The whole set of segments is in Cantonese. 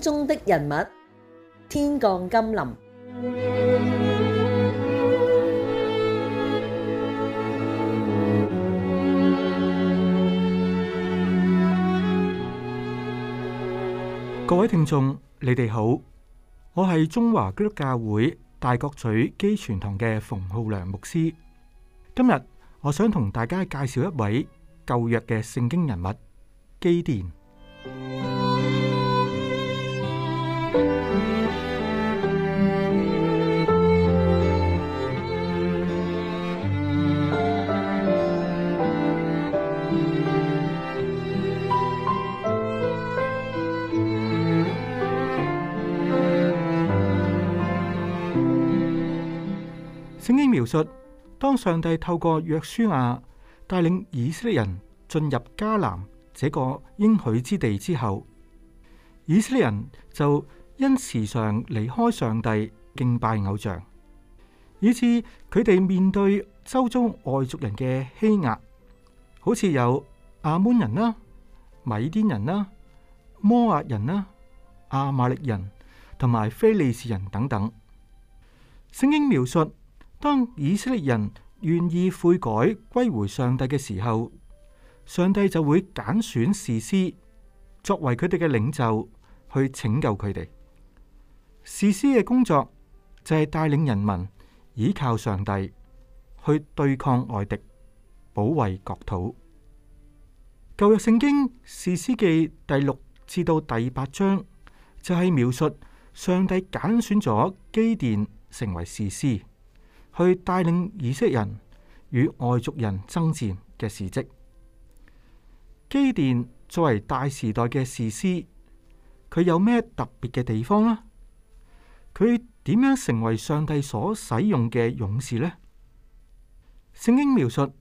中的人物，天降甘霖。各位聽眾，你哋好，我係中華基督教會大角咀基全堂嘅馮浩樑牧師。今日我想同大家介紹一位舊約嘅聖經人物，基甸。說當上帝透過約書亞帶領以色列人進入迦南這個應許之地之後，以色列人就因時常離開上帝敬拜偶像，以致佢哋面對周遭外族人嘅欺壓，好似有亞捫人啦、啊、米甸人啦、啊、摩押人啦、啊、亞瑪力人同埋非利士人等等。聖經描述。當以色列人願意悔改歸回上帝嘅時候，上帝就會揀選士師作為佢哋嘅領袖去拯救佢哋。士師嘅工作就係帶領人民依靠上帝去對抗外敵，保衛國土。舊約聖經士師記第六至到第八章就係、是、描述上帝揀選咗基甸成為士師。去帶領以色列人與外族人爭戰嘅事蹟。基甸作為大時代嘅士師，佢有咩特別嘅地方呢？佢點樣成為上帝所使用嘅勇士呢？聖經描述，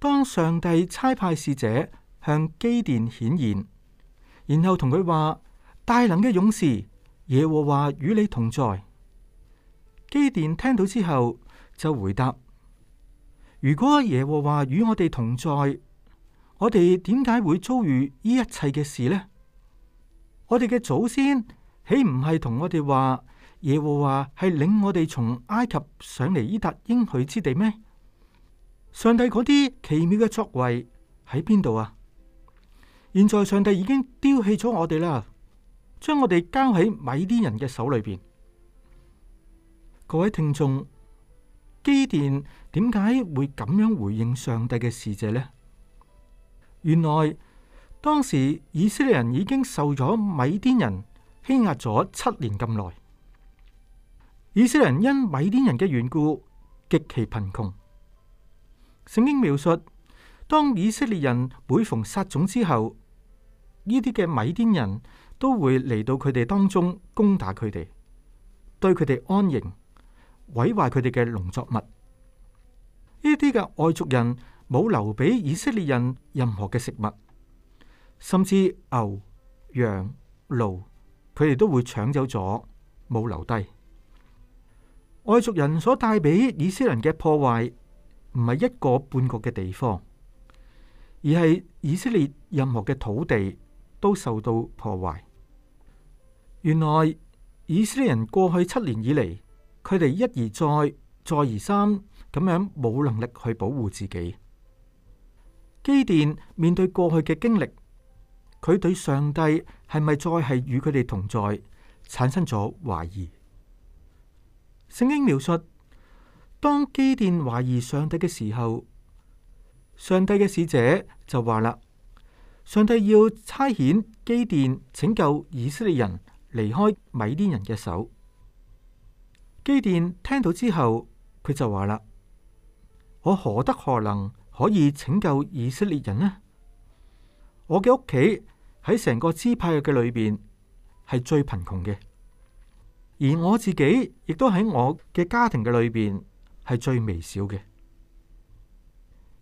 當上帝差派使者向基甸顯現，然後同佢話：大能嘅勇士，耶和華與你同在。基甸聽到之後。就回答：如果耶和華與我哋同在，我哋點解會遭遇呢一切嘅事呢？我哋嘅祖先豈唔係同我哋話，耶和華係領我哋從埃及上嚟以達應許之地咩？上帝嗰啲奇妙嘅作為喺邊度啊？現在上帝已經丟棄咗我哋啦，將我哋交喺米甸人嘅手裏邊。各位聽眾。基甸點解會咁樣回應上帝嘅使者呢？原來當時以色列人已經受咗米甸人欺壓咗七年咁耐，以色列人因米甸人嘅緣故極其貧窮。聖經描述，當以色列人每逢撒種之後，呢啲嘅米甸人都會嚟到佢哋當中攻打佢哋，對佢哋安營。毀壞佢哋嘅農作物，呢啲嘅外族人冇留俾以色列人任何嘅食物，甚至牛、羊、驢，佢哋都會搶走咗，冇留低。外族人所帶俾以色列人嘅破壞，唔係一個半個嘅地方，而係以色列任何嘅土地都受到破壞。原來以色列人過去七年以嚟。佢哋一而再，再而三咁樣冇能力去保護自己。基甸面對過去嘅經歷，佢對上帝係咪再係與佢哋同在，產生咗懷疑。聖經描述，當基甸懷疑上帝嘅時候，上帝嘅使者就話啦：上帝要差遣基甸拯救以色列人離開米甸人嘅手。基甸聽到之後，佢就話啦：我何德何能可以拯救以色列人呢？我嘅屋企喺成個支派嘅裏邊係最貧窮嘅，而我自己亦都喺我嘅家庭嘅裏邊係最微小嘅。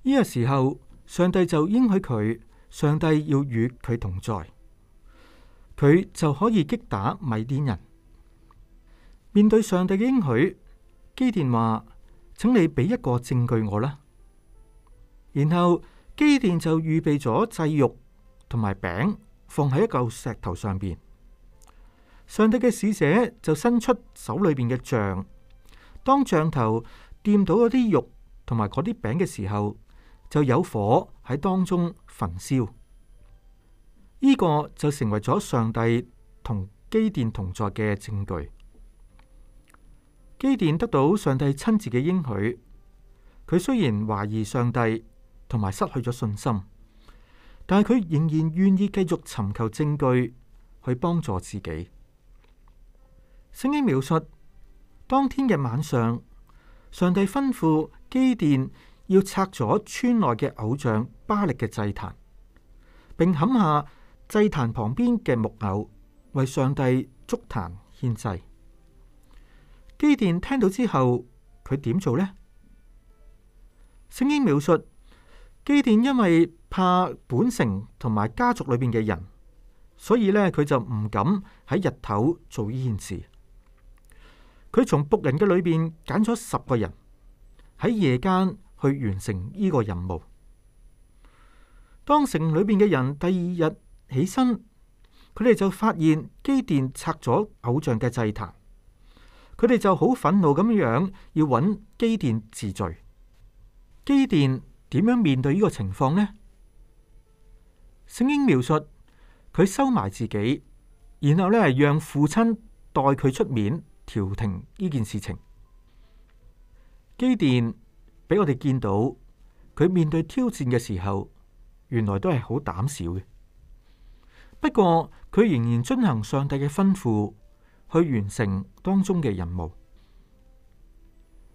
呢、這個時候，上帝就應許佢，上帝要與佢同在，佢就可以擊打米甸人。面對上帝嘅應許，基甸話：請你俾一個證據我啦。然後基甸就預備咗祭肉同埋餅，放喺一嚿石頭上邊。上帝嘅使者就伸出手裏邊嘅杖，當杖頭掂到嗰啲肉同埋嗰啲餅嘅時候，就有火喺當中焚燒。呢、這個就成為咗上帝同基甸同在嘅證據。基甸得到上帝親自嘅應許，佢雖然懷疑上帝同埋失去咗信心，但係佢仍然願意繼續尋求證據去幫助自己。聖經描述當天嘅晚上，上帝吩咐基甸要拆咗村內嘅偶像巴力嘅祭壇，並砍下祭壇旁邊嘅木偶，為上帝築壇獻祭。基甸聽到之後，佢點做呢？聖經描述，基甸因為怕本城同埋家族裏邊嘅人，所以呢，佢就唔敢喺日頭做呢件事。佢從僕人嘅裏邊揀咗十個人，喺夜間去完成呢個任務。當城裏邊嘅人第二日起身，佢哋就發現基甸拆咗偶像嘅祭壇。佢哋就好憤怒咁樣，要搵基甸治罪。基甸點樣面對呢個情況呢？聖經描述，佢收埋自己，然後呢係讓父親代佢出面調停呢件事情。基甸俾我哋見到佢面對挑戰嘅時候，原來都係好膽小嘅。不過佢仍然遵行上帝嘅吩咐，去完成當中嘅任務。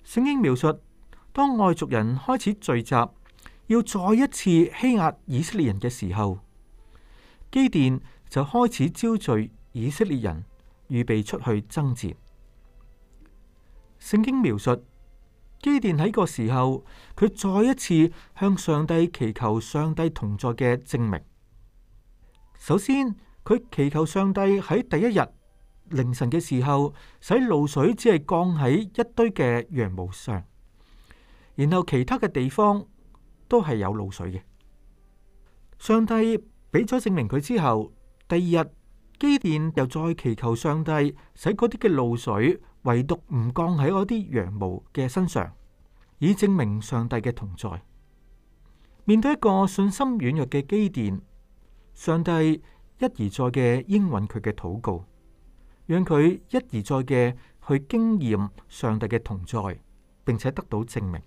聖經描述，當外族人開始聚集，要再一次欺壓以色列人嘅時候，基甸就開始招聚以色列人預備出去爭戰。聖經描述，基甸喺個時候，佢再一次向上帝祈求上帝同在嘅證明。首先，佢祈求上帝喺第一日。凌晨嘅時候，使露水只係降喺一堆嘅羊毛上，然後其他嘅地方都係有露水嘅。上帝俾咗證明佢之後，第二日基甸又再祈求上帝使嗰啲嘅露水唯獨唔降喺嗰啲羊毛嘅身上，以證明上帝嘅同在。面對一個信心軟弱嘅基甸，上帝一而再嘅應允佢嘅禱告。讓佢一而再嘅去經驗上帝嘅同在，並且得到證明。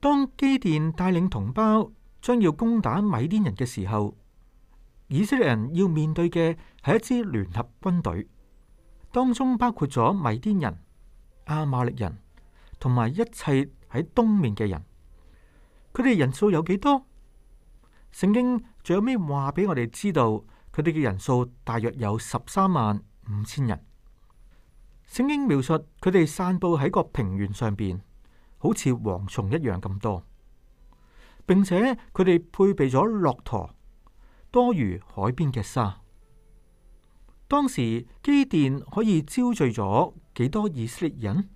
當基甸帶領同胞將要攻打米甸人嘅時候，以色列人要面對嘅係一支聯合軍隊，當中包括咗米甸人、亞瑪力人同埋一切喺東面嘅人。佢哋人數有幾多？聖經仲有咩話俾我哋知道，佢哋嘅人數大約有十三萬。五千人，聖經描述佢哋散布喺個平原上邊，好似蝗蟲一樣咁多，並且佢哋配備咗駱駝，多如海邊嘅沙。當時基甸可以招聚咗幾多以色列人？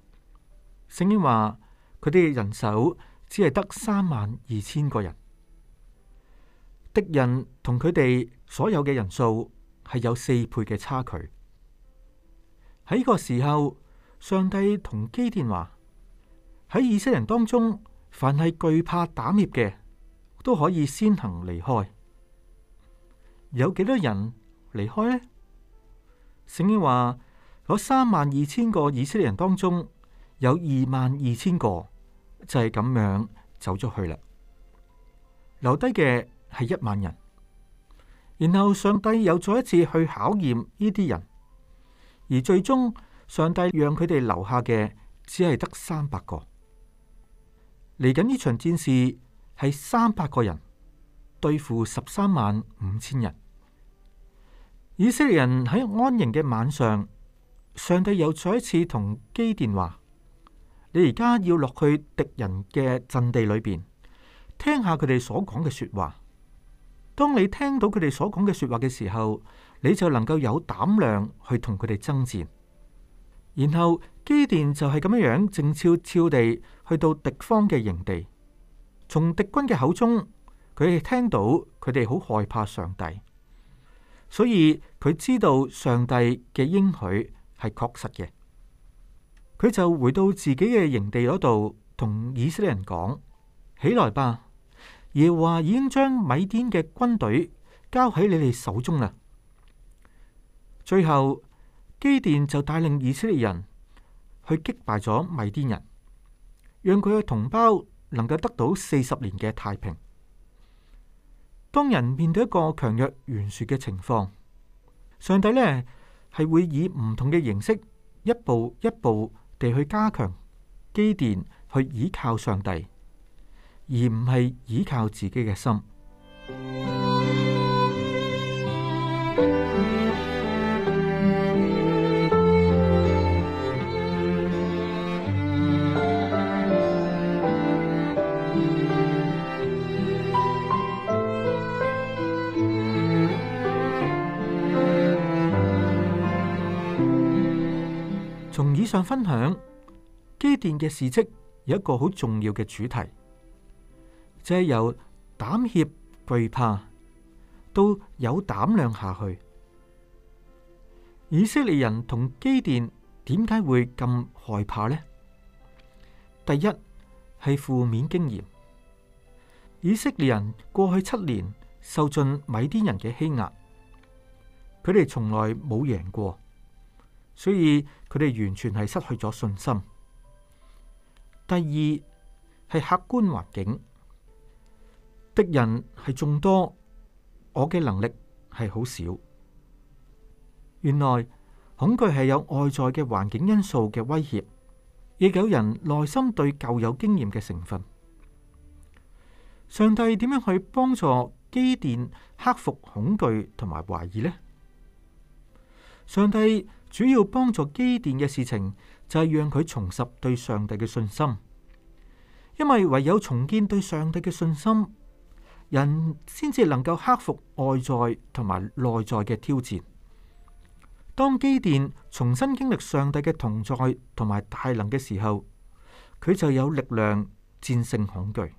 聖經話佢哋人手只係得三萬二千個人，敵人同佢哋所有嘅人數係有四倍嘅差距。喺個時候，上帝同基甸話：喺以色列人當中，凡係懼怕膽怯嘅，都可以先行離開。有幾多人離開呢？聖經話：嗰三萬二千個以色列人當中，有二萬二千個就係咁樣走咗去啦，留低嘅，係一萬人。然後上帝又再一次去考驗呢啲人。而最終，上帝讓佢哋留下嘅只係得三百個。嚟緊呢場戰事係三百個人對付十三萬五千人。以色列人喺安營嘅晚上，上帝又再一次同基甸話：你而家要落去敵人嘅陣地裏邊，聽下佢哋所講嘅說話。當你聽到佢哋所講嘅說話嘅時候，你就能夠有膽量去同佢哋爭戰，然後基甸就係咁樣樣，靜悄悄地去到敵方嘅營地，從敵軍嘅口中佢哋聽到佢哋好害怕上帝，所以佢知道上帝嘅應許係確實嘅。佢就回到自己嘅營地嗰度，同以色列人講：起來吧，耶華已經將米甸嘅軍隊交喺你哋手中啦。最後，基甸就帶領以色列人去擊敗咗米甸人，讓佢嘅同胞能夠得到四十年嘅太平。當人面對一個強弱懸殊嘅情況，上帝呢係會以唔同嘅形式，一步一步地去加強基甸去依靠上帝，而唔係依靠自己嘅心。上分享基甸嘅事跡有一個好重要嘅主題，就係、是、由膽怯懼怕到有膽量下去。以色列人同基甸點解會咁害怕呢？第一係負面經驗，以色列人過去七年受盡米甸人嘅欺壓，佢哋從來冇贏過。所以佢哋完全係失去咗信心。第二係客觀環境，敵人係眾多，我嘅能力係好少。原來恐懼係有外在嘅環境因素嘅威脅，亦有人內心對舊有經驗嘅成分。上帝點樣去幫助基甸克服恐懼同埋懷疑呢？上帝主要幫助基甸嘅事情就係、是、讓佢重拾對上帝嘅信心，因為唯有重建對上帝嘅信心，人先至能夠克服外在同埋內在嘅挑戰。當基甸重新經歷上帝嘅同在同埋大能嘅時候，佢就有力量戰勝恐懼。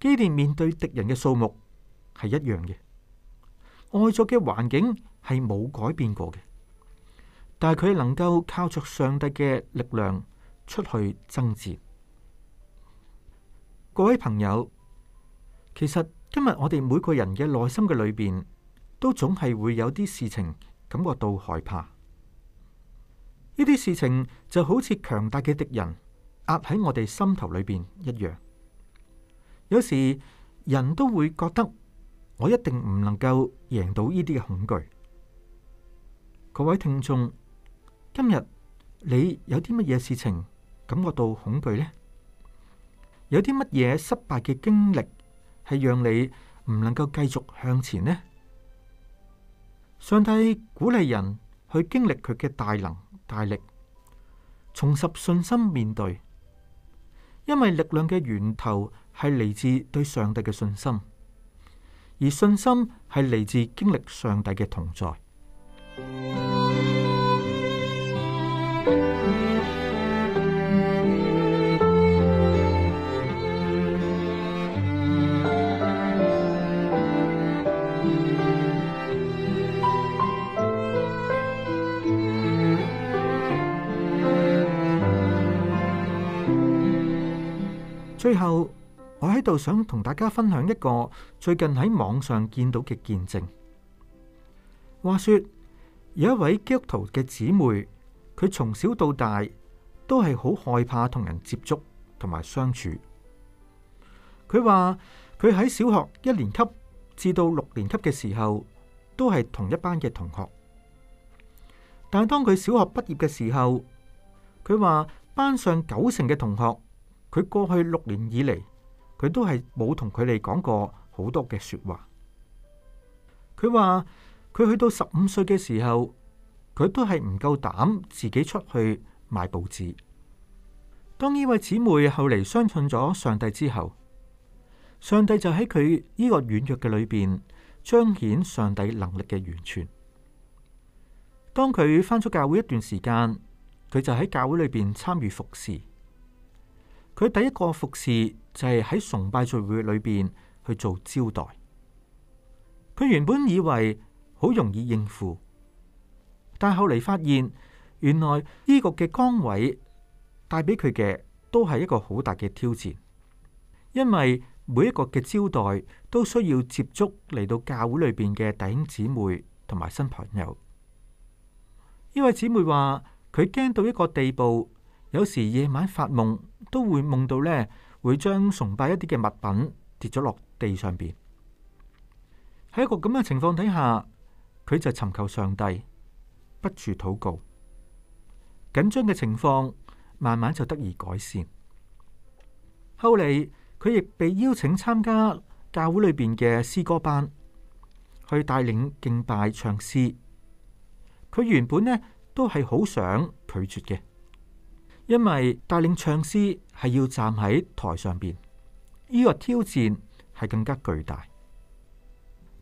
基甸面對敵人嘅數目係一樣嘅，外在嘅環境。係冇改變過嘅，但係佢能夠靠着上帝嘅力量出去爭戰。各位朋友，其實今日我哋每個人嘅內心嘅裏邊，都總係會有啲事情感覺到害怕。呢啲事情就好似強大嘅敵人壓喺我哋心頭裏邊一樣。有時人都會覺得我一定唔能夠贏到呢啲嘅恐懼。各位聽眾，今日你有啲乜嘢事情感覺到恐懼呢？有啲乜嘢失敗嘅經歷係讓你唔能夠繼續向前呢？上帝鼓勵人去經歷佢嘅大能、大力，重拾信心面對，因為力量嘅源頭係嚟自對上帝嘅信心，而信心係嚟自經歷上帝嘅同在。最後，我喺度想同大家分享一個最近喺網上見到嘅見證。話說。有一位基督徒嘅姊妹，佢從小到大都係好害怕同人接觸同埋相處。佢話，佢喺小學一年級至到六年級嘅時候，都係同一班嘅同學。但係當佢小學畢業嘅時候，佢話班上九成嘅同學，佢過去六年以嚟，佢都係冇同佢哋講過好多嘅說話。佢話。佢去到十五歲嘅時候，佢都係唔夠膽自己出去買報紙。當呢位姊妹後嚟相信咗上帝之後，上帝就喺佢呢個軟弱嘅裏邊彰顯上帝能力嘅完全。當佢返咗教會一段時間，佢就喺教會裏邊參與服侍。佢第一個服侍就係喺崇拜聚會裏邊去做招待。佢原本以為。好容易應付，但後嚟發現原來呢個嘅崗位帶俾佢嘅都係一個好大嘅挑戰，因為每一個嘅招待都需要接觸嚟到教會裏邊嘅弟兄姊妹同埋新朋友。呢位姊妹話佢驚到一個地步，有時夜晚發夢都會夢到呢會將崇拜一啲嘅物品跌咗落地上邊。喺一個咁嘅情況底下。佢就尋求上帝，不住禱告。緊張嘅情況慢慢就得以改善。後嚟佢亦被邀請參加教會裏邊嘅詩歌班，去帶領敬拜唱詩。佢原本呢都係好想拒絕嘅，因為帶領唱詩係要站喺台上邊，呢個挑戰係更加巨大。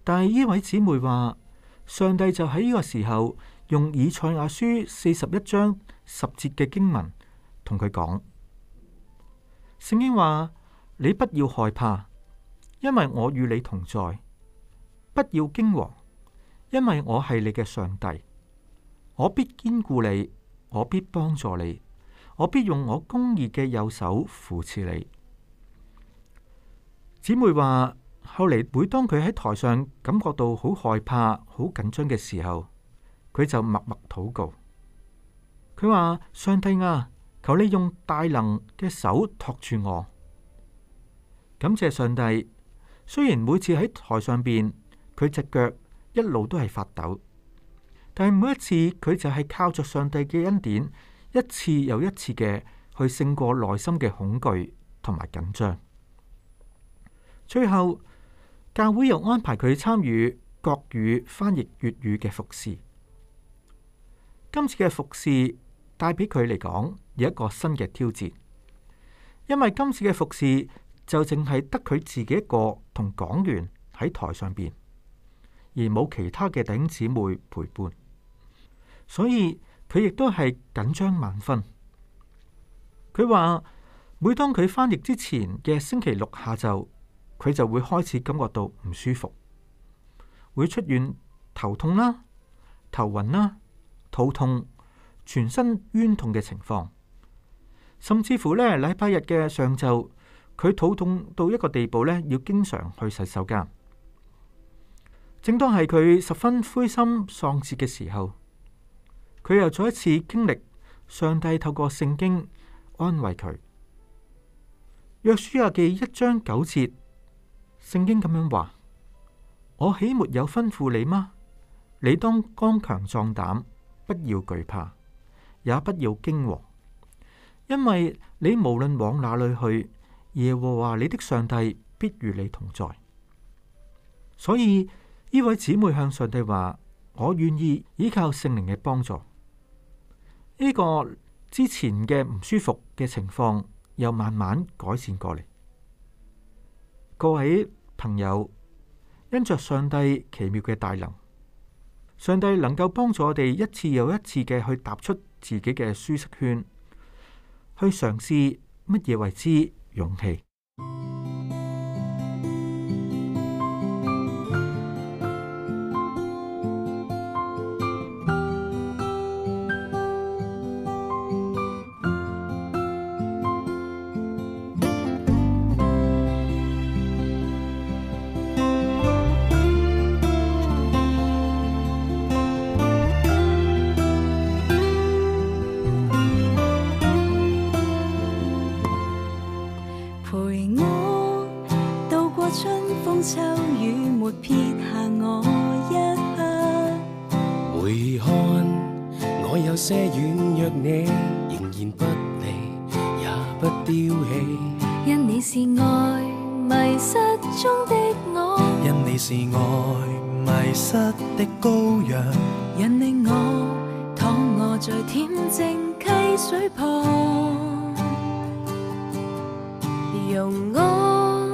但係呢位姊妹話。上帝就喺呢個時候用以賽亞書四十一章十節嘅經文同佢講，聖經話：你不要害怕，因為我與你同在；不要驚惶，因為我係你嘅上帝。我必堅固你，我必幫助你，我必用我公義嘅右手扶持你。姊妹話。後嚟，每當佢喺台上感覺到好害怕、好緊張嘅時候，佢就默默禱告。佢話：上帝啊，求你用大能嘅手托住我。感謝上帝，雖然每次喺台上邊，佢隻腳一路都係發抖，但係每一次佢就係靠着上帝嘅恩典，一次又一次嘅去勝過內心嘅恐懼同埋緊張。最後。教會又安排佢參與國語翻譯粵語嘅服侍。今次嘅服侍帶俾佢嚟講有一個新嘅挑戰，因為今次嘅服侍就淨係得佢自己一個同講員喺台上邊，而冇其他嘅弟兄姊妹陪伴，所以佢亦都係緊張萬分。佢話每當佢翻譯之前嘅星期六下晝。佢就會開始感覺到唔舒服，會出現頭痛啦、頭暈啦、肚痛、全身冤痛嘅情況，甚至乎呢禮拜日嘅上晝，佢肚痛到一個地步呢，要經常去洗手間。正當係佢十分灰心喪志嘅時候，佢又再一次經歷上帝透過聖經安慰佢，約書亞記一章九節。聖經咁樣話：我豈沒有吩咐你嗎？你當剛強壯膽，不要懼怕，也不要驚惶，因為你無論往哪裏去，耶和華你的上帝必與你同在。所以呢位姊妹向上帝話：我願意依靠聖靈嘅幫助。呢、這個之前嘅唔舒服嘅情況又慢慢改善過嚟。各位朋友，因着上帝奇妙嘅大能，上帝能夠幫助我哋一次又一次嘅去踏出自己嘅舒適圈，去嘗試乜嘢為之勇氣。是愛迷失的羔羊你，引領我躺臥在恬靜溪水旁，容我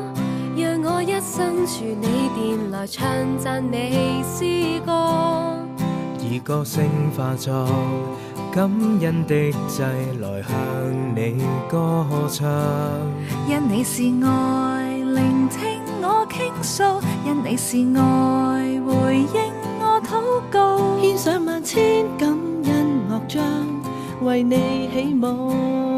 讓我一生住你殿來唱讚你詩歌，以歌聲化作感恩的祭來向你歌唱，因你是愛聆聽我傾訴。因你是愛回應，我禱告，獻上萬千感恩樂章，為你起舞。